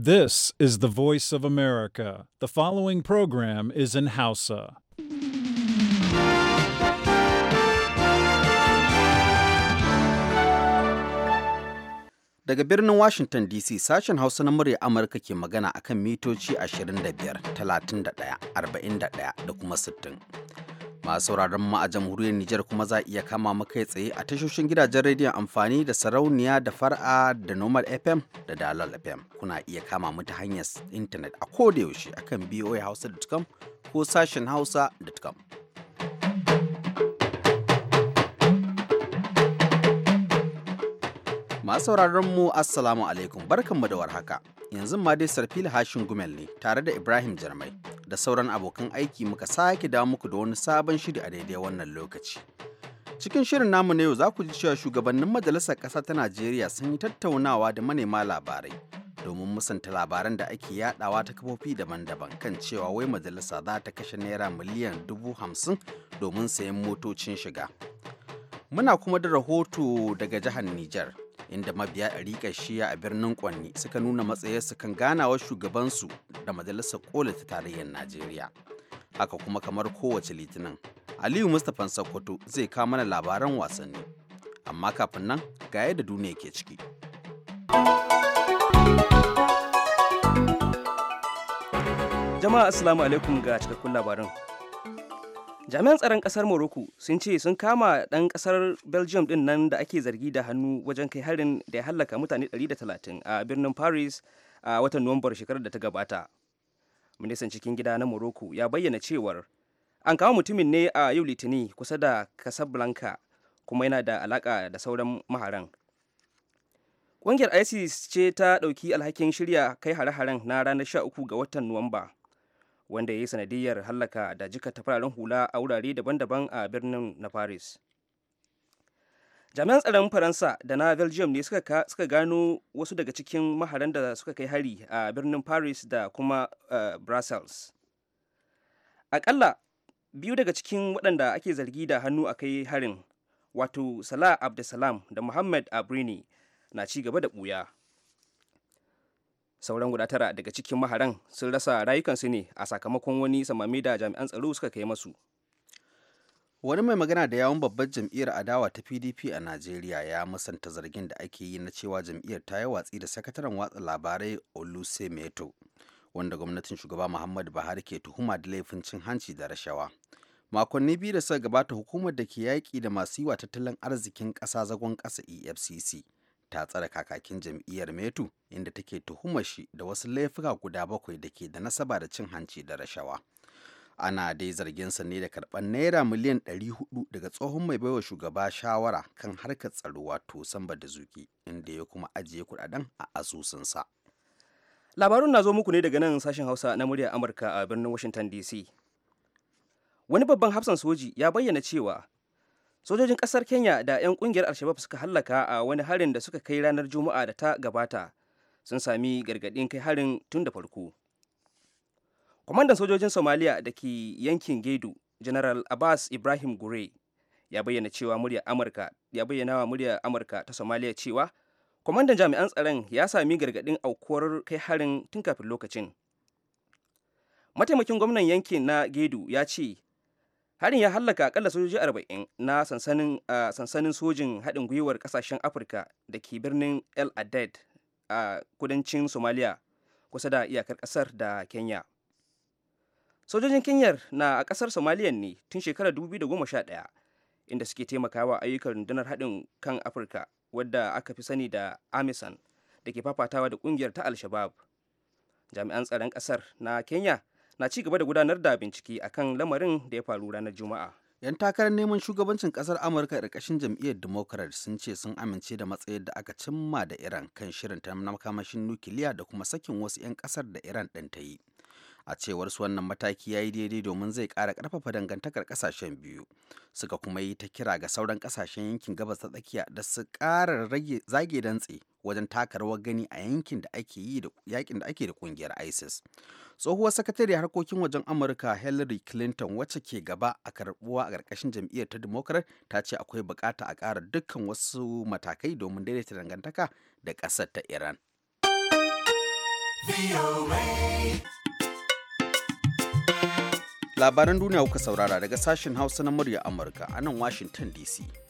This is the voice of America. The following program is in Hausa. Daga birnin Washington DC sashen Hausa na murya Amurka ke magana akan mitoci 25, 31, 41 da kuma 60. masu sauraron mu a jamhuriyar Nijar kuma za iya kama mu kai tsaye a tashoshin gidajen rediyon amfani da sarauniya da far'a da normal FM da dalal FM kuna iya kama mu ta hanyar intanet a koda yaushe akan boahausa.com ko sashen hausa.com Masu sauraron mu Assalamu alaikum barkanmu da warhaka. Yanzu ma dai Sarfil Hashin Gumel ne tare da Ibrahim Jarmai da sauran abokan aiki muka sake dawo muku da wani sabon shiri a daidai wannan lokaci. Cikin shirin namu na yau za ku ji cewa shugabannin majalisar ƙasa ta Najeriya sun yi tattaunawa da manema labarai domin musanta labaran da ake yaɗawa ta kafofi daban-daban kan cewa wai majalisa za ta kashe naira miliyan dubu hamsin domin sayan motocin shiga. Muna kuma da rahoto daga jihar Nijar inda mabiya ɗariƙar shiya a birnin Kwanni suka nuna matsayarsu kan ganawar shugabansu da majalisar ƙola ta tarayyar Najeriya. Haka kuma kamar kowace litinin, Aliyu Mustapha Sokoto zai kawo mana labaran wasanni. Amma kafin nan ga yadda duniya ke ciki. Jama'a Assalamu alaikum ga cikakkun labaran. jami'an tsaron kasar morocco sun ce sun kama dan kasar belgium din nan da ake zargi da hannu wajen kai harin da ya hallaka mutane 130 a birnin paris a watan nuwambar shekarar da ta gabata ministan cikin gida na morocco ya bayyana cewar an kama mutumin ne a yau litini kusa da casablanca kuma yana da alaka da sauran maharan ƙungiyar isis ce ta ɗauki alhakin shirya kai hare-haren na ranar 13 ga watan nuwamba wanda ya yi sanadiyar hallaka da jikata fararen hula a wurare daban-daban a birnin na paris jami'an tsaron faransa da na belgium ne suka, gano wasu daga cikin maharan da suka kai hari a birnin paris da kuma eh, brussels akalla biyu daga cikin waɗanda ake zargi da hannu a kai harin wato salah abdulsalam da muhammad abrini na ci gaba da ɓuya sauran guda tara daga cikin maharan sun rasa rayukansu ne a sakamakon wani samami da jami'an tsaro suka kai masu wani mai magana da yawon babbar jam'iyyar adawa ta pdp a najeriya ya musanta zargin da ake yi na cewa jam'iyyar ta yi watsi da sakataren watsa labarai olusemeto wanda gwamnatin shugaba muhammadu buhari ke tuhuma da laifin cin hanci da rashawa makonni biyu da suka gabata hukumar da ke yaƙi da masu yi wa tattalin arzikin ƙasa zagon ƙasa efcc ta tsara kakakin jam'iyyar metu inda take tuhumar shi da wasu laifuka guda bakwai da ke da nasaba da cin hanci da rashawa ana dai zarginsa ne da karɓar naira miliyan 400 daga tsohon mai baiwa shugaba shawara kan harkar tsaro wato samba da zuki inda ya kuma ajiye kudaden a asusunsa labarun na zo muku ne daga nan sashen hausa na muryar amurka a birnin washington dc wani babban hafsan soji ya bayyana cewa sojojin ƙasar kenya da 'yan kungiyar alshabab suka hallaka a wani harin da suka kai ranar juma'a da ta gabata sun sami gargadin kai harin tun da farko kwamandan sojojin somaliya da ke yankin gedu general abbas ibrahim gure ya bayyana cewa murya amurka ya bayyana wa murya amurka ta somaliya cewa kwamandan jami'an tsaron ya sami gargaɗin aukuwar kai harin tun kafin lokacin mataimakin gwamnan yankin na gedu ya ce harin ya hallaka akalla sojoji arba'in na sansanin sojin haɗin gwiwar ƙasashen afirka da ke birnin el adad a kudancin somalia kusa da iyakar ƙasar da kenya sojojin kenyar na a ƙasar somaliya ne tun shekarar 2011 inda suke taimakawa ayyukan rundunar haɗin kan afirka wadda aka fi sani da amisan da ke fafatawa da ƙungiyar ta al-shabab jami'an tsaron ƙasar na kenya na ci gaba da gudanar da bincike kan lamarin da ya faru ranar Juma'a. 'Yan takarar neman shugabancin kasar Amurka ƙarƙashin jam'iyyar Democrat sun ce sun amince da matsayar da aka cimma da Iran kan shirin ta makamashin nukiliya da kuma sakin wasu 'yan kasar da Iran ɗin ta yi. A cewar su wannan mataki ya yi daidai domin zai kara ƙarfafa dangantakar ƙasashen biyu. Suka kuma yi ta kira ga sauran ƙasashen yankin gabas ta tsakiya da su ƙara zage dantse wajen taka rawar gani a yankin da ake yi da yakin da ake da kungiyar isis tsohuwar sakatare harkokin wajen amurka hillary clinton wacce ke gaba a karbuwa a ƙarƙashin jam'iyyar ta democrat ta ce akwai bukata a ƙara dukkan wasu matakai domin daidaita dangantaka da ƙasar ta iran labaran duniya kuka saurara daga sashen hausa na murya amurka a nan washington dc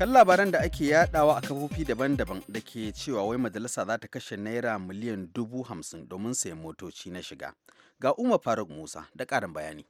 kan labaran da ake yadawa a kafofi daban-daban da ke cewa wai majalisa za ta kashe naira miliyan dubu hamsin domin sayan motoci na shiga ga umar faruk musa da ƙarin bayani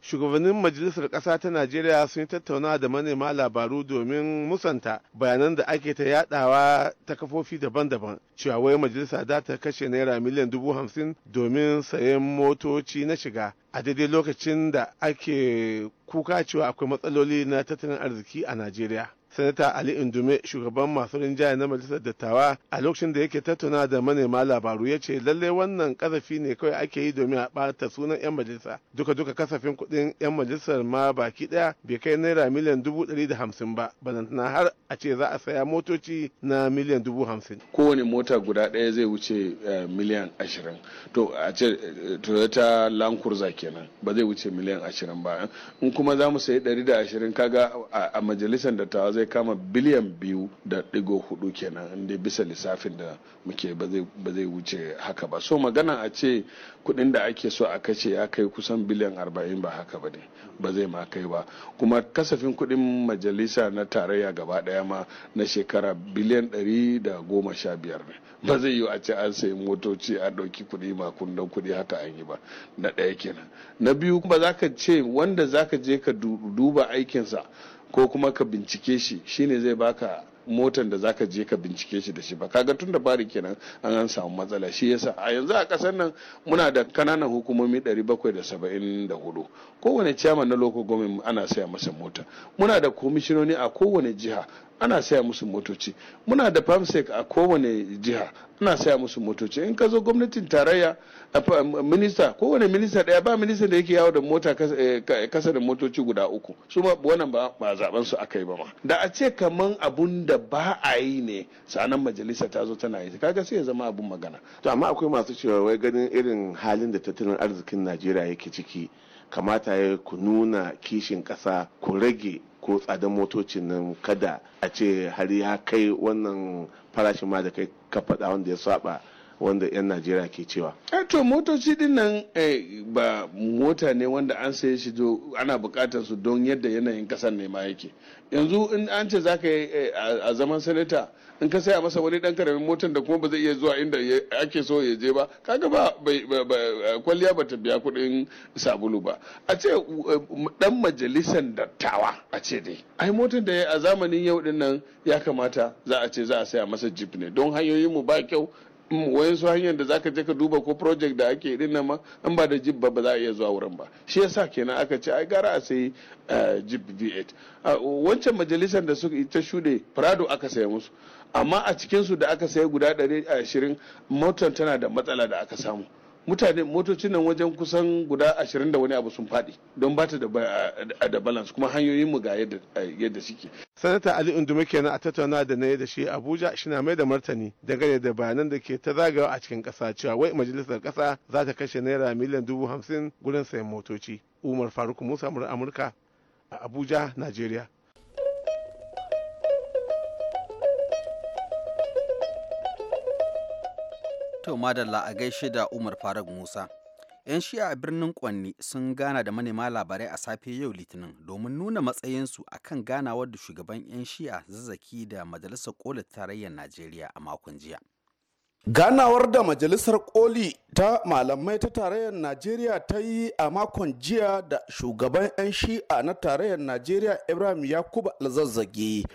shugabannin majalisar ƙasa ta najeriya sun yi tattauna da manema labaru domin musanta bayanan da ake ta yadawa ta kafofi daban-daban cewa wai majalisa za ta kashe naira miliyan dubu hamsin domin sayan motoci na shiga a daidai lokacin da ake kuka cewa akwai matsaloli na tattalin arziki a najeriya sanata ali indume shugaban masu rinjaye na majalisar dattawa a lokacin da yake tattauna da manema labaru ya ce lallai wannan kasafi ne kawai ake yi domin a ɓata sunan 'yan majalisa duka duka kasafin kuɗin 'yan majalisar ma baki ɗaya bai kai naira miliyan dubu ɗari da hamsin ba balantana har a ce za a saya motoci na miliyan dubu hamsin. kowane mota guda ɗaya zai wuce eh, miliyan ashirin to a ce eh, toyota land cruiser kenan ba zai wuce miliyan ashirin ba in kuma za mu sayi ɗari da ashirin kaga a majalisar dattawa zai zai kama biliyan biyu da ɗigo hudu kenan inda bisa lissafin da muke ba zai wuce haka ba so magana a ce kudin da ake so a kace ya kai kusan biliyan arba'in ba haka ba ne ba zai ma kai ba kuma kasafin kudin majalisa na tarayya gaba daya ma na shekara biliyan ɗari da goma sha biyar ne ba zai yi a ce an sayi motoci a ɗauki kuɗi makundan kuɗi haka an yi ba na ɗaya kenan na biyu ba za ka ce wanda za ka je ka duba aikinsa ko kuma ka bincike shi shine zai baka motan da zaka je ka bincike shi da shi ba kaga tun da fari kenan an an samu matsala shi yasa a yanzu a kasar nan muna da kananan hukumomi 774 kowane chairman na local government ana saya masa mota muna da komishinoni a kowane jiha ana saya musu motoci muna da famsek a kowane jiha ana saya musu motoci in ka zo gwamnatin tarayya minista kowane minista daya ba minista da yake yawo da mota eh, kasa da motoci guda uku su wannan ba zaben su aka yi ba ma da a ce kaman abun da ba a yi ne sanan majalisa ta zo tana yi kaga sai ya zama abun magana to amma akwai masu cewa wai ganin irin halin da tattalin arzikin najeriya yake ciki kamata ya ku nuna kishin ƙasa ku rage ko tsadan motocin nan kada a ce har ya kai wannan farashin ma da kai ka faɗa wanda ya saba wanda 'yan najeriya ke cewa eh, to motoci din nan eh, ba mota ne wanda an saye shi ana bukatar su don yadda yanayin kasar ne ma yake yanzu in an ce zaka yi eh, a zaman sanata in ka saya masa wani dan karamin motar da kuma ba zai iya zuwa inda ake so ya je ba kaga ba kwalliya ba ta biya kuɗin sabulu ba a ce dan majalisar dattawa a ce dai ai motar da a zamanin yau din nan ya kamata za a ce za a saya masa jeep ne don hanyoyin mu ba kyau wayansu hanyar da zaka je ka duba ko project da ake din nama ma ba da jib ba ba za a iya zuwa wurin ba shi yasa kenan aka ce ai gara a sayi eh, jib v8 ah, wancan majalisar da suka ta shuɗe prado aka saya musu amma a cikinsu da aka saya guda 120 motar tana da matsala da aka samu mutane motocin nan wajen kusan guda ashirin da wani abu sun faɗi don ba ta da balance kuma hanyoyin mu ga yadda suke. sanata ali unduma kenan a tattauna da na da shi abuja shi na mai da martani dangane da bayanan da ke ta zagawa a cikin ƙasa cewa wai majalisar ƙasa za ta kashe naira miliyan dubu hamsin gurin sayan motoci umar faruk musa amurka a abuja najeriya To madalla a gaishe da Umar Faruk Musa. 'Yan shi'a a birnin Kwanni sun gana da manema labarai a safe yau Litinin domin nuna matsayinsu a kan ganawar da shugaban 'yan shi'a zazzaki da Majalisar Kola Tarayyar Najeriya a makon jiya. ganawar da majalisar koli ta malamai ta tarayyar najeriya ta yi a makon jiya da shugaban 'yan shi'a na tarayyar najeriya ibrahim yakubu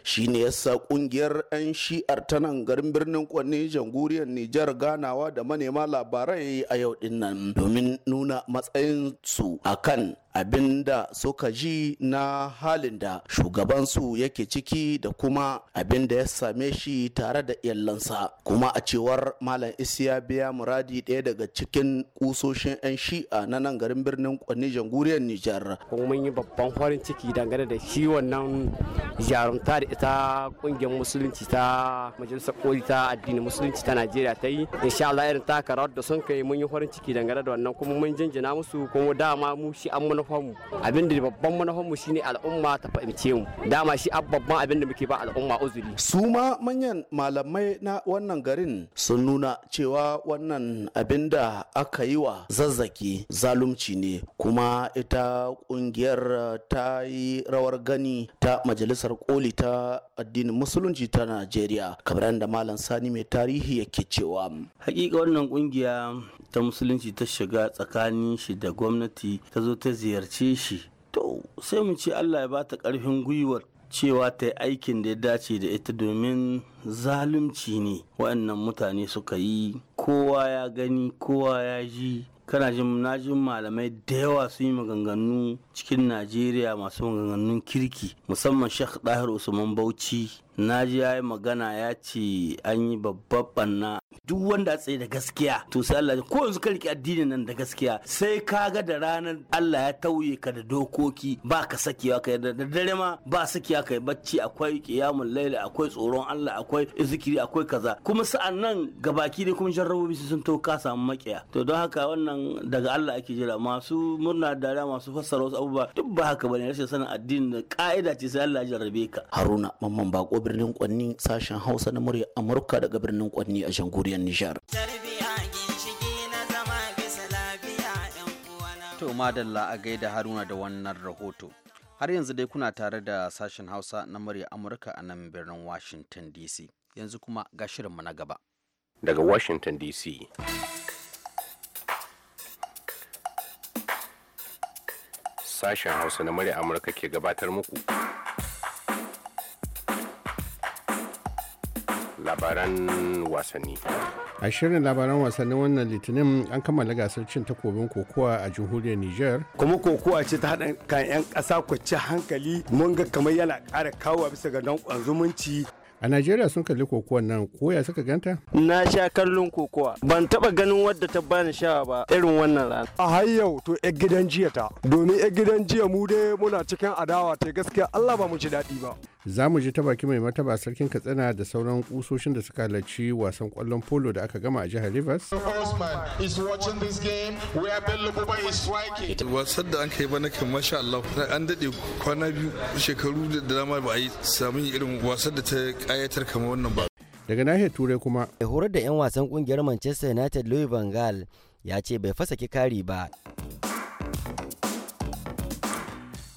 shi ne yasa kungiyar 'yan shi'ar ta nan garin birnin kwanne janguriyar nijar ganawa da manema labarai a yau din nan domin nuna matsayin su kan. abinda suka ji na halin da shugabansu yake ciki da kuma abinda ya same shi tare da iyalansa kuma a cewar malam isiya biya muradi daya daga cikin kusoshin 'yan shi'a na nan garin birnin kwanni jamhuriyar nijar kuma mun yi babban farin ciki dangane da shi wannan jarumta da ita kungiyar musulunci ta majalisar koli ta addinin musulunci ta najeriya ta yi insha allah irin taka rawar da sun kai mun yi farin ciki dangane da wannan kuma mun jinjina musu kuma dama mu shi an manufarmu abin da babban manufarmu shine al'umma ta fahimce mu dama shi babban abin da muke ba al'umma uzuri su ma manyan malamai na wannan garin sun nuna cewa wannan abin da aka yi wa zazzaki zalunci ne kuma ita kungiyar ta yi rawar gani ta majalisar koli ta addinin musulunci ta najeriya kamar yadda malam sani mai tarihi yake cewa hakika wannan kungiya ta musulunci ta shiga tsakanin shi da gwamnati ta zo ta ziyarce shi to sai mu ce allah ya ba ta ƙarfin gwiwar cewa ta yi aikin da ya dace da ita domin zalunci ne waɗannan mutane suka yi kowa ya gani kowa ya ji kana jin najin malamai da yawa sun yi maganganu cikin najeriya masu maganganun kirki musamman shek dahir usman bauchi na ji ya yi magana ya ce an yi babban banna duk wanda tsaye da gaskiya to sai Allah ko yanzu ka riƙe addinin nan da gaskiya sai ka ga da ranar Allah ya tauye ka da dokoki ba ka sakewa kai da dare ma ba sakewa kai bacci akwai kiyamul laila akwai tsoron Allah akwai zikiri akwai kaza kuma sa'an nan gabaki ne kuma jarrabobi sun to samu makiya to don haka wannan daga Allah ake jira masu murna da masu fassara wasu abubuwa duk ba haka bane rashin sanin addinin da ka'ida ce sai Allah ya jarrabe ka Haruna mamman bako birnin Kwanni sashen Hausa na murya Amurka daga birnin Kwanni a jamhuriyar Nijar. To madalla a gaida Haruna da wannan rahoto. Har yanzu dai kuna tare da sashen Hausa na murya Amurka a nan birnin Washington DC. Yanzu kuma ga shirinmu na gaba. Daga Washington DC. Sashen Hausa na murya Amurka ke gabatar muku. labaran wasanni. A shirin labaran wasannin wannan litinin an kammala gasar cin takobin kokowa a jamhuriyar Nijar. Kuma kokowa ce ta haɗa kan 'yan ƙasa ci hankali mun ga kamar yana ƙara kawo bisa ga danƙon zumunci. a najeriya sun kalli kokowan nan koya suka ganta na sha kallon kokowa ban taba ganin wadda ta bani sha ba irin wannan rana a har yau to yan gidan jiya ta domin yan gidan jiya mu dai muna cikin adawa ta gaskiya allah ba mu ji daɗi ba za mu ji ta baki mai mataba sarkin katsina da sauran kusoshin da suka halarci wasan kwallon polo da aka gama a jihar rivers wasan da an kai ba na kan masha Allah an dade kwana biyu shekaru da dama ba a yi samun irin wasan da ta kayatar kama wannan ba daga nahiyar turai kuma mai horar da 'yan wasan kungiyar manchester united louis van gaal ya ce bai fasa kari ba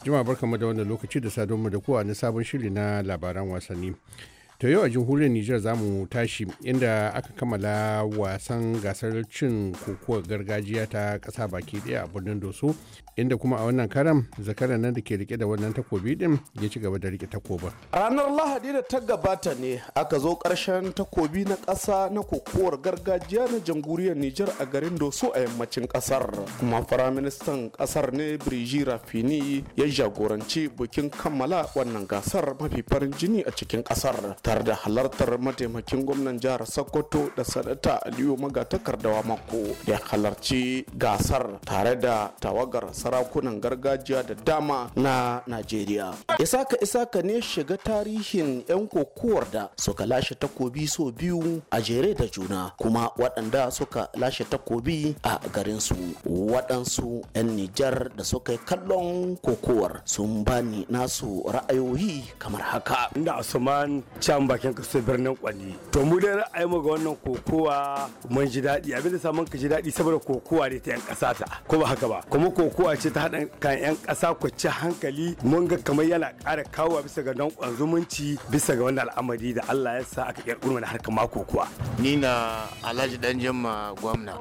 Juma barka da wannan lokaci da sadonmu da kowa na sabon shiri na labaran wasanni. to yau a jamhuriyar Nijar za mu tashi inda aka kammala wasan gasar cin kokowar gargajiya ta kasa baki ɗaya a birnin Doso inda kuma a wannan karam zakaran nan da ke rike da wannan takobi din ya ci gaba da rike takobin. Ranar Lahadi da ta gabata ne aka zo ƙarshen takobi na ƙasa na kokowar gargajiya na jamhuriyar Nijar a garin Doso a yammacin ƙasar. Kuma Firaministan ƙasar ne Birji Rafini ya jagoranci bikin kammala wannan gasar mafi farin jini a cikin ƙasar. tare da halartar mataimakin gwamnan jihar sokoto da sanata aliyu magatakardawa mako ya halarci gasar tare da tawagar sarakunan gargajiya da dama na najeriya isaka isaka ne shiga tarihin 'yan kokowar da suka lashe takobi so biyu a jere da juna kuma waɗanda suka lashe takobi a garinsu waɗansu 'yan nijar da suka yi kallon kokowar sun bani nasu ra'ayoyi kamar haka asuman samun bakin kaso birnin kwali to mu da ra'ayi mu ga wannan kokowa mun ji daɗi abin da samun ka ji daɗi saboda kokowa ne ta yan ƙasa ta ko ba haka ba kuma kokowa ce ta haɗa kan yan kasa ku ci hankali mun ga kamar yana ƙara kawowa bisa ga danƙon zumunci bisa ga wannan al'amari da Allah ya sa aka ƙirƙiro mana harkar ma kokowa. ni na Alhaji dan Jimma gwamna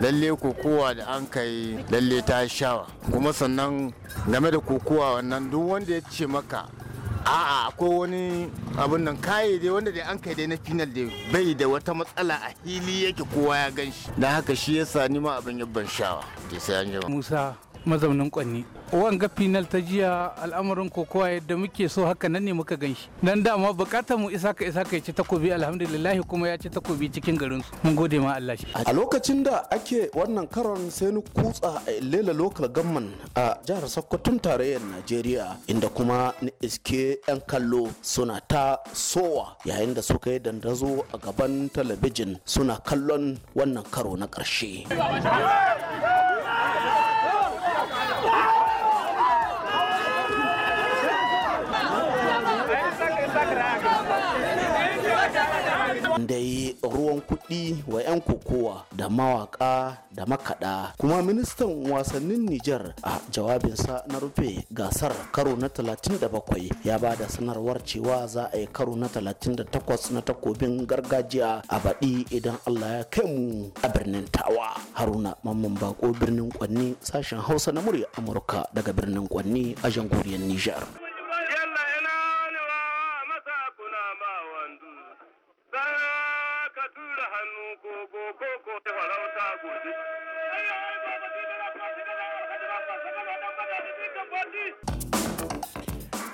lalle kokowa da an kai lalle ta shawa kuma sannan game da kokowa wannan duk wanda ya ce maka a'a ko wani abin nan kaye dai wanda dai an kai dai na final dai bai da wata matsala a hili yake kowa ya gan shi don haka shi yasa ni ma abin yabban shawa sai an musa mazaunin kwanni wanga final ta jiya al'amarin kokowa yadda muke so haka nan ne muka ganshi dan dama bukatar mu isa ka isa ka ci takobi alhamdulillah kuma ya ci takobi cikin garin su mun gode ma Allah a lokacin da ake wannan karon sai ni kutsa a lela local gamman a jihar Sokoto tarayyar Najeriya inda kuma ni iske yan kallo suna ta sowa yayin da suka yi dandazo a gaban talabijin suna kallon wannan karo na ƙarshe. an dai ruwan kuɗi wa 'yan kokowa da mawaƙa da makaɗa kuma ministan wasannin Nijar a jawabinsa na rufe gasar karo na 37 ya ba da sanarwar cewa za a yi karo na 38 na takobin gargajiya a baɗi idan Allah ya kai mu a birnin Tawa Haruna Mamman Bako birnin Kwanni sashen Hausa na murya Amurka daga birnin Kwanni a jamhuriyar Nijar. koko da farauta gobe. Ayyawai ba ba da na na na na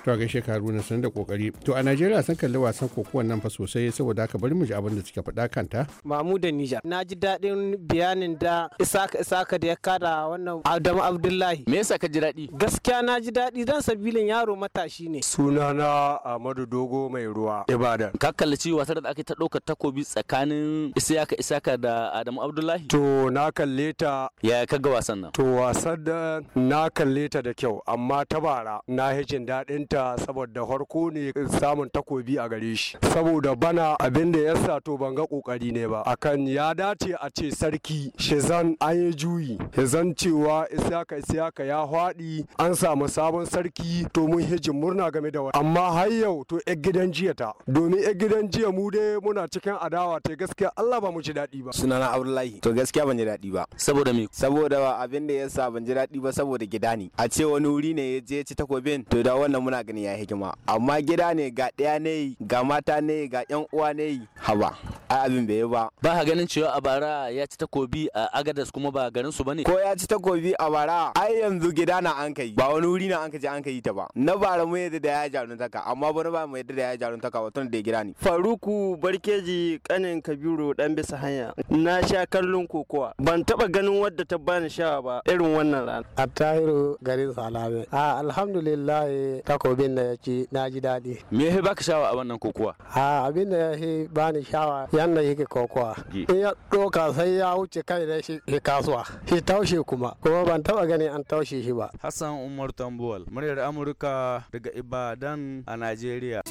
to a gaishe haruna sun da kokari to a najeriya sun kalli wasan kokowan nan fa sosai saboda haka bari mu ji abin da suke faɗa kanta mamu da na ji daɗin bayanin da isaka isaka da ya kada wannan adamu abdullahi me yasa ka ji daɗi gaskiya na ji daɗi dan sabilin yaro matashi ne Suna na amadu dogo mai ruwa ibadan ka kallaci wasar da ake ta ɗaukar takobi tsakanin isaka isaka da adamu abdullahi to na kalle ta yaya ka ga wasan nan to wasan da na kalle ta da kyau amma ta bara na hijin daɗin ta ta saboda harko ne samun takobi a gare shi saboda bana abin da ya sa to ban ga kokari ne ba akan ya dace a ce sarki shezan an yi juyi shezan cewa isyaka isyaka ya haɗi an samu sabon sarki to mun hijin murna game da wani amma har yau to yan gidan jiya ta domin yan gidan jiya mu dai muna cikin adawa ta gaskiya Allah ba mu ji daɗi ba sunana Abdullahi to gaskiya ban ji daɗi ba saboda me saboda abin da ya sa ban ji daɗi ba saboda gida ne a ce wani wuri ne ya je ci takobin to da wannan muna gani ya hikima amma gida ne ga ɗaya ne ga mata ne ga yan uwa ne haba a abin bai yi ba ba ka ganin cewa a bara ya ci takobi a agadas kuma ba garin su bane ko ya ci takobi a bara ai yanzu gida na an kai ba wani wuri na an kaje an kai ta ba na bara mu yadda da ya jaruntaka amma bana ba mu yadda da ya jaruntaka ba tun da gida ne faruku barkeji kanin kabiru dan bisa hanya na sha kallon kokowa ban taba ganin wadda ta bani sha ba irin wannan rana attahiru garin salame a ah, alhamdulillah takobi abin da ya ci na ji daɗi. Me ya baka shawa a wannan kokowa? A abin da ya bani shawa yanda yake kokowa. In ya ɗoka sai ya wuce kai da shi kasuwa. Shi taushe kuma kuma ban taɓa gani an taushe shi ba. Hassan Umar Tambuwal, muryar Amurka daga Ibadan a Najeriya.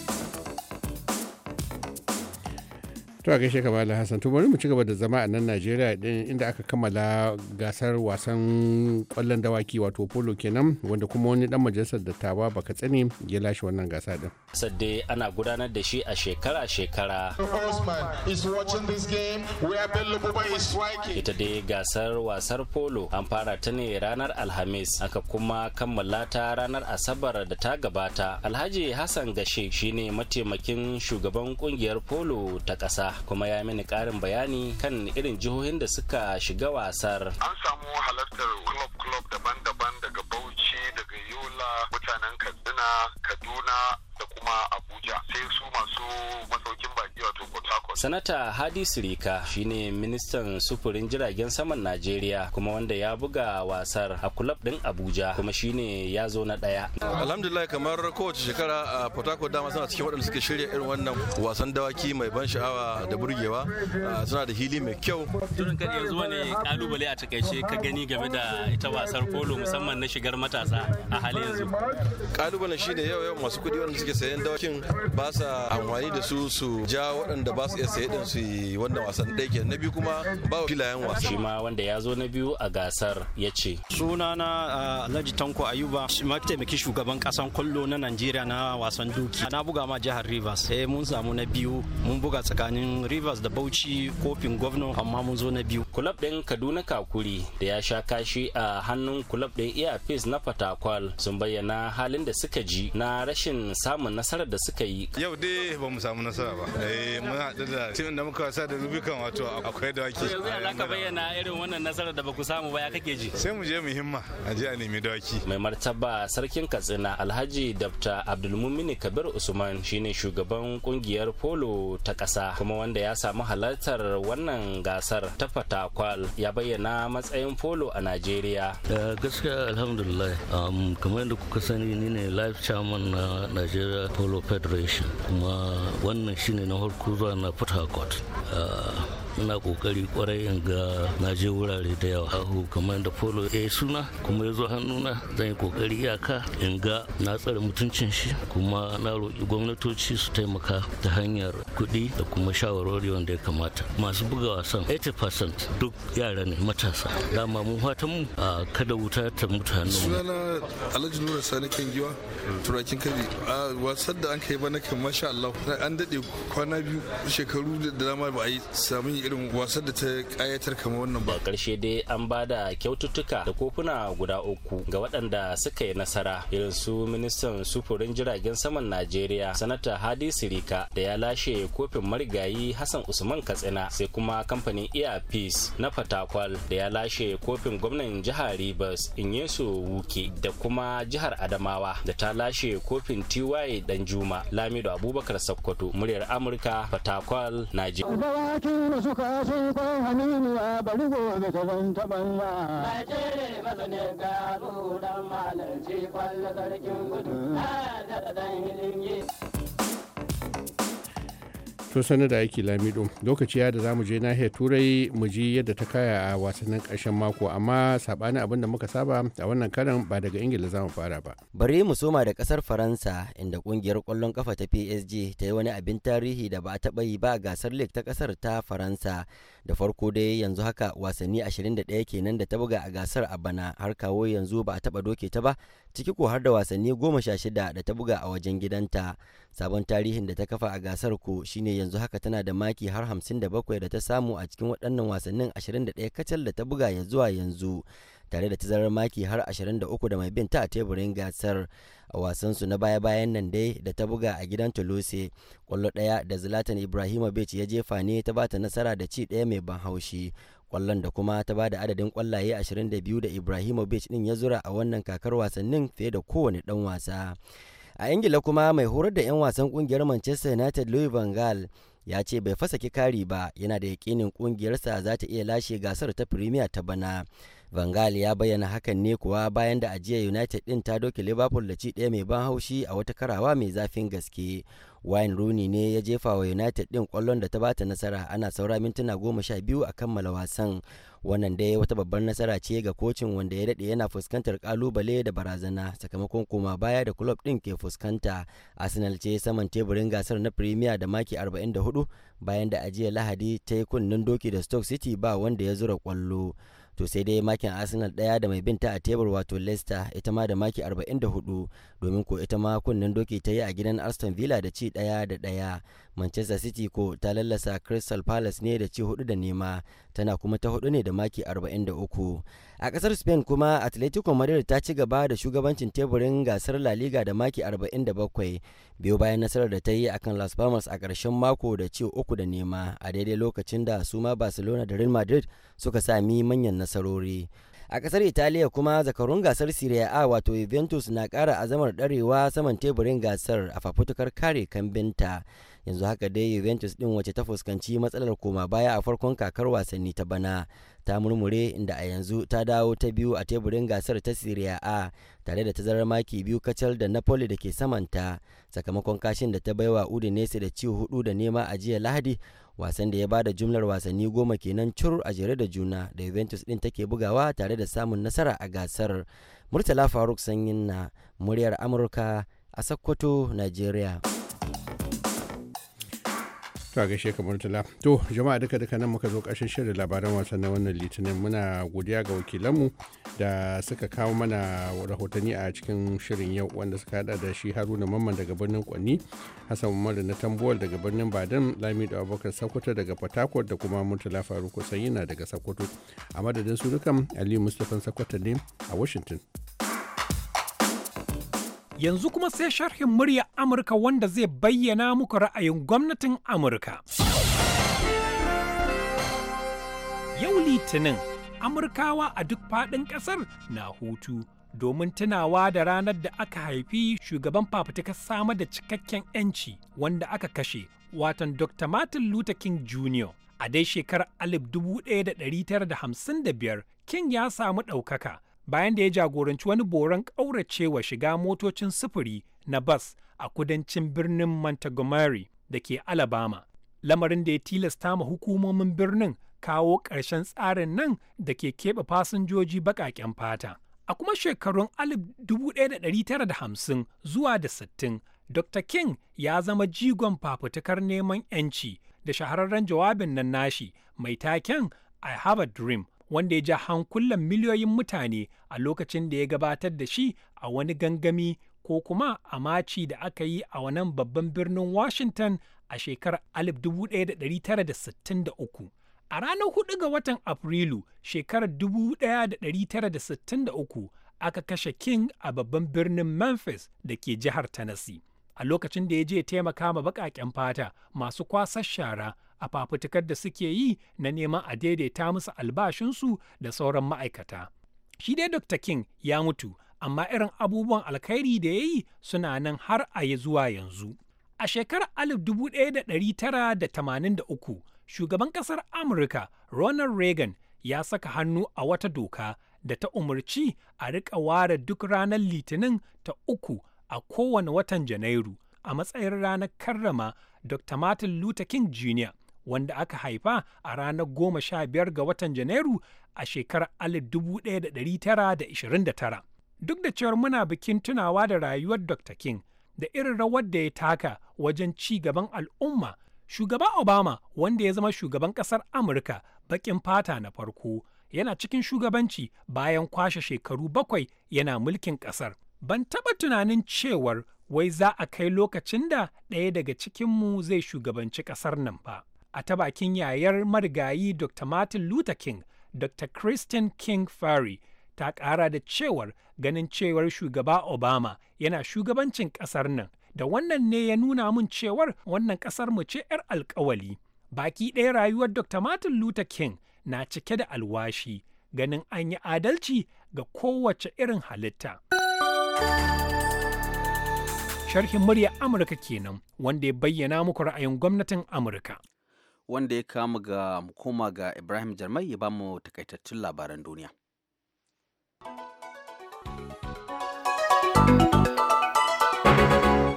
to a gaishe kamar hassan to bari mu ci gaba da zama a nan najeriya inda aka kammala gasar wasan kwallon dawaki wato polo kenan wanda kuma wani dan majalisar dattawa baka tsane ya lashe wannan gasa din sadde ana gudanar da shi a shekara shekara ita dai gasar wasar polo an fara ta ne ranar alhamis aka kuma kammala ta ranar asabar da ta gabata alhaji hassan gashe shine mataimakin shugaban kungiyar polo ta kasa. kuma ya mini karin bayani kan irin jihohin da suka shiga wasar an samu halartar club club daban-daban daga bauchi daga yola mutanen katsina kaduna da kuma abuja sai su masu masaukin baki wato port harcourt sanata hadi sirika shine ministan sufurin jiragen saman najeriya kuma wanda ya buga wasar a kulab din abuja kuma shine ya zo na daya alhamdulillah kamar kowace shekara a port harcourt dama suna cikin waɗanda suke shirya irin wannan wasan dawaki mai ban sha'awa da burgewa suna da hili mai kyau turin kan yanzu wani kalubale a takaice ka gani game da ita wasar polo musamman na shigar matasa a halin yanzu kalubalen shine yau yau masu kuɗi wanda suke sayan dawakin ba sa amfani da su su ja waɗanda ba su iya saye din su yi wannan wasan ɗaya na biyu kuma ba filayen wasa shi ma wanda ya zo na biyu a gasar ya ce sunana ah, Alhaji Tanko Ayuba mataimakin shugaban kasan kwallo na Najeriya na wasan duki na buga ma jihar Rivers eh mun samu na biyu mun buga tsakanin Rivers da Bauchi kofin gwamna amma mun zo na biyu kulab ɗin Kaduna Kakuri da ya sha kashi a hannun kulab ɗin Airpeace na Fatakwal sun bayyana halin da suka ji na rashin samun samun nasarar da suka yi yau dai ba mu samu nasara ba eh mun haɗu da timin da muka wasa da rubikan wato akwai da wake yanzu ya ka bayyana irin wannan nasarar da baku samu ba ya kake ji sai mu je mu himma a je a nemi dawaki mai martaba sarkin katsina alhaji dr abdulmumin kabir usman shine shugaban kungiyar polo ta ƙasa kuma wanda ya samu halartar wannan gasar ta fatakwal ya bayyana matsayin polo a najeriya eh, gaskiya alhamdulillah kamar yadda kuka sani ni ne live chairman na najeriya nigeria polo federation kuma wannan shine na harko zuwa na port harcourt ah, ina kokari kwarai in ga na je wurare da yawa hahu kamar da polo ya eh, yi suna kuma ya zo hannuna zan yi kokari iyaka in ga na tsare mutuncin shi kuma na roƙi gwamnatoci su taimaka ta hanyar kuɗi da kuma shawarwari wanda ya kamata masu buga wasan 80% duk yara ne matasa dama mu fatan mu a kada wuta ta mutane sunana alhaji nura sani kan giwa turakin kari a wasan da an kai ba na kan masha Allah an daɗe kwana biyu shekaru da dama ba a yi samun irin wasan da ta kayatar kamar wannan ba karshe dai an ba da kyaututtuka da kofuna guda uku ga waɗanda suka yi nasara irin su ministan sufurin jiragen saman najeriya sanata hadi sirika da ya lashe kofin marigayi hassan usman katsina sai kuma kamfanin earpiece na fatakwal da ya lashe kofin gwamnan jihar rivers inyesu wuke da kuma jihar adamawa da ta lashe kofin ty danjuma lamido abubakar sakkwato muryar amurka fatakwal najeriya ka sun kwan haminiya bari gobe ka zan taɓan ma. Najere masanin gano dan malam kwallo sarkin gudu, na da ɗan hilin kun sanar da aiki lamido lokaci ya da za mu je nahiyar turai mu ji yadda ta kaya a wasannin ƙarshen mako amma sabanin abin da muka saba a wannan karan ba daga ingila za mu fara ba bari mu soma da kasar faransa inda kungiyar kwallon kafa ta psg ta yi wani abin tarihi da ba a taɓa yi ba gasar league ta kasar ta faransa da farko dai yanzu haka wasanni 21 kenan da ta buga a gasar a bana har kawo yanzu ba a taba doke ta ba ciki ko har da wasanni 16 da ta buga a wajen gidanta sabon tarihin da ta kafa a gasar ko shine yanzu haka tana da maki har 57 da ta samu a cikin waɗannan wasannin 21 kacal da ta buga ya zuwa yanzu tare da tazarar maki har 23 da mai bin ta a teburin gasar a wasansu na baya-bayan nan dai da ta buga a gidan Toulouse kwallo ɗaya da Zlatan Ibrahimovic ya jefa ne ta bata nasara da ci daya mai ban haushi kwallon da kuma ta bada adadin kwallaye 22 da Ibrahimovic din ya zura a wannan kakar wasannin fiye da kowane dan wasa. A Ingila kuma mai horar da 'yan wasan kungiyar Manchester United Louis van Gaal ya ce bai fasa kari ba yana da yakinin kungiyarsa za ta iya lashe gasar ta Premier ta bana. vangali ya bayyana hakan ne kuwa bayan da ajiya United ɗin ta doke Liverpool da ci ɗaya mai ban haushi a wata karawa mai zafin gaske. Wayne Rooney ne ya jefa wa United ɗin kwallon da ta bata nasara ana saura mintuna goma sha biyu a kammala wasan. Wannan dai wata babbar nasara ce ga kocin wanda ya daɗe yana fuskantar kalubale da barazana sakamakon koma baya da kulob ɗin ke fuskanta. Arsenal ce saman teburin gasar na Premier da maki 44 bayan da ajiya Lahadi ta yi kunnen doki da Stoke City ba wanda ya zura kwallo. to sai dai makin arsenal ɗaya da mai binta a tebur wato leicester ita ma da maki 44 domin ko ita ma kunnen doki ta yi a gidan aston villa da ci daya da ɗaya manchester city ko ta lallasa crystal palace ne da ci hudu da nema tana kuma ta hudu ne da maki 43 a kasar spain kuma atletico madrid ta ci gaba da shugabancin teburin gasar la liga da maki 47 biyu bayan nasarar da ta yi akan las palmas a ƙarshen mako da ci uku da nema a daidai lokacin da su ma barcelona da real madrid suka sami manyan nasarori a kasar italiya kuma zakarun gasar serie a wato juventus na kara azamar ɗarewa saman teburin gasar a fafutukar kare kambinta yanzu haka dai juventus din wace ta fuskanci matsalar koma baya a farkon kakar wasanni ta bana ta murmure inda a yanzu ta dawo ta biyu a teburin gasar ta Serie A tare da tazarar maki biyu kacal da Napoli da ke samanta sakamakon kashin da ta baiwa Udinese da ci hudu da nema a jiya Lahadi wasan da ya bada jumlar wasanni goma kenan cur a jere da juna da Juventus din take bugawa tare da samun nasara a gasar. Murtala Faruk Sanyin na muryar Amurka a Sokoto, Nigeria. to gaishe kamar tala to jama'a duka duka nan muka zo ƙarshen shirin labaran wasan na wannan litinin muna godiya ga wakilanmu da suka kawo mana rahotanni a cikin shirin yau wanda suka hada da shi haruna mamman daga birnin kwanni hassan umaru na tambuwal daga birnin badan da abubakar sokoto daga port da kuma murtala faruku sanyina daga sokoto a madadin su dukan aliyu mustapha sokoto ne a washington Yanzu kuma sai sharhin murya Amurka wanda zai bayyana muku ra'ayin gwamnatin Amurka. Yau Litinin, Amurkawa a duk faɗin ƙasar na hutu domin tunawa da ranar da aka haifi shugaban fafutukar samar da cikakken 'yanci wanda aka kashe, watan Dr. Martin Luther King Jr. A dai shekarar 1955, King ya samu ɗaukaka. bayan da ya jagoranci wani boron ƙauracewa shiga motocin sufuri na bas a kudancin birnin Montgomery da ke Alabama. Lamarin da ya tilasta ma hukumomin birnin kawo ƙarshen tsarin nan da ke keɓe fasinjoji baƙaƙen fata. A kuma shekarun 1950 zuwa da 60, Dr. King ya zama jigon fafutukar neman 'yanci da shahararren jawabin nan nashi mai taken I have a dream wanda ya ja hankulan miliyoyin mutane a lokacin da ya gabatar da shi a wani gangami ko kuma a maci da aka yi a wani babban birnin Washington a shekarar 1963. A ranar hudu ga watan Afrilu shekarar 1963 aka kashe King a babban birnin Memphis da ke jihar Tennessee. A lokacin da ya je taimaka ma baƙaƙen fata masu kwasar shara a fafutukar da suke yi na neman a daidaita musu albashinsu da sauran ma'aikata. Shi dai Dr. King ya mutu, amma irin abubuwan alkhairi da ya yi suna nan har a yi zuwa yanzu. A shekarar 1983, shugaban ƙasar Amurka Ronald Reagan ya saka hannu a wata doka da ta umarci a riƙa ware duk ranar Litinin ta uku a kowane watan Janairu a matsayin ranar karrama Dr. Martin Luther King Jr. wanda aka haifa a ranar goma sha biyar ga watan janairu a shekarar 1929 duk da cewar muna bikin tunawa da rayuwar dr king da irin rawar da ya taka wajen ci gaban al'umma shugaba obama wanda ya zama shugaban ƙasar amurka bakin fata na farko yana cikin shugabanci bayan kwashe shekaru bakwai yana mulkin ƙasar. ban taɓa tunanin cewar wai za a kai lokacin da ɗaya daga cikinmu zai shugabanci ƙasar nan ba a ta bakin yayar marigayi Dr. Martin Luther King, Dr. Christine King Fari ta ƙara da cewar ganin cewar shugaba Obama yana shugabancin ƙasar nan. Da wannan ne ya nuna mun cewar wannan ƙasar mu ce 'yar alkawali. Baki ɗaya rayuwar Dr. Martin Luther King na cike da alwashi ganin an yi adalci ga kowace irin halitta. Sharhin murya Amurka kenan wanda ya bayyana muku ra'ayin gwamnatin Amurka. wanda ya kama ga koma ga Ibrahim Jarmai ya ba mu takaitattun labaran duniya.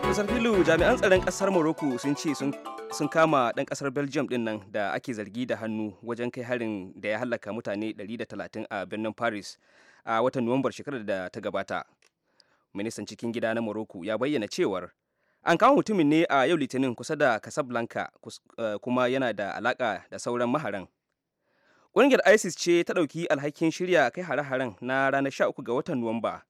Kusan filu jami'an tsaron kasar Morocco sun ce sun kama ɗan ƙasar Belgium ɗin nan da ake zargi da hannu wajen kai harin da ya hallaka mutane 130 a birnin Paris a watan Nuwambar shekarar da ta gabata. Ministan cikin gida na Morocco ya bayyana cewar an kawo mutumin ne a yau litinin kusa da casablanca eh, kuma yana da alaka da sauran maharan ƙungiyar isis ce ta ɗauki alhakin shirya kai hare-haren na ranar 13 ga watan nuwamba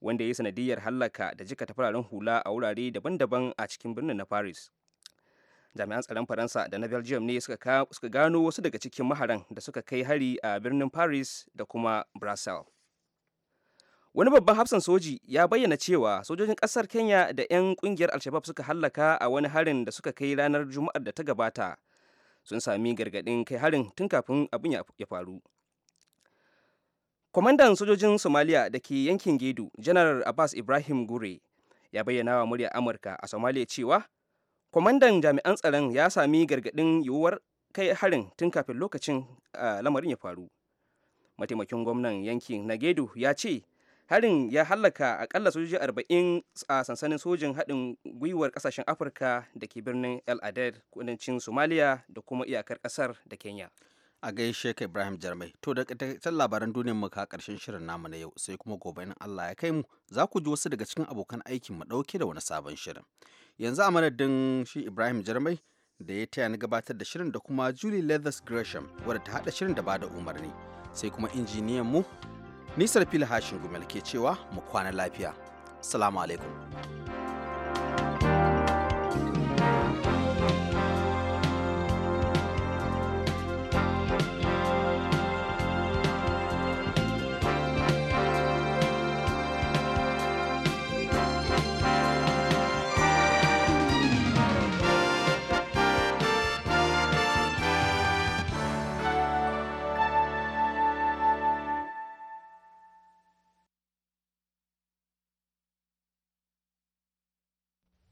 wanda ya yi sanadiyar hallaka da jika ta fararen hula a wurare daban-daban a cikin birnin na paris jami'an tsaron faransa da na belgium ne suka gano wasu daga cikin maharan da suka kai hari a birnin paris da kuma brussels wani babban hafsan soji ya bayyana cewa sojojin kasar kenya da 'yan kungiyar alshabab suka hallaka a wani harin da suka kai ranar juma'ar da ta gabata sun sami gargadin kai harin tun kafin abin ya faru kwamandan sojojin somaliya da ke yankin gedo janar abbas ibrahim gure ya bayyana wa murya amurka a somaliya cewa kwamandan jami'an tsaron ya sami gargadin yiwuwar kai harin tun kafin lokacin ah, lamarin ya faru mataimakin gwamnan yankin na gedo ya ce harin ya hallaka akalla sojoji arba'in a sansanin sojin haɗin gwiwar ƙasashen afirka da ke birnin el adad kudancin somaliya da kuma iyakar ƙasar da kenya a gaishe ka ibrahim jarmai to da takaitaccen labaran duniyar mu ka karshen shirin namu na yau sai kuma gobe in allah ya kai mu za ku ji wasu daga cikin abokan aikin mu ɗauke da wani sabon shirin yanzu a madadin shi ibrahim jarmai da ya taya ni gabatar da shirin da kuma julie leathers gresham wadda ta haɗa shirin da ba da umarni sai kuma injiniyan mu nisar fil hashin gumel ke cewa mu kwana lafiya salamu alaikum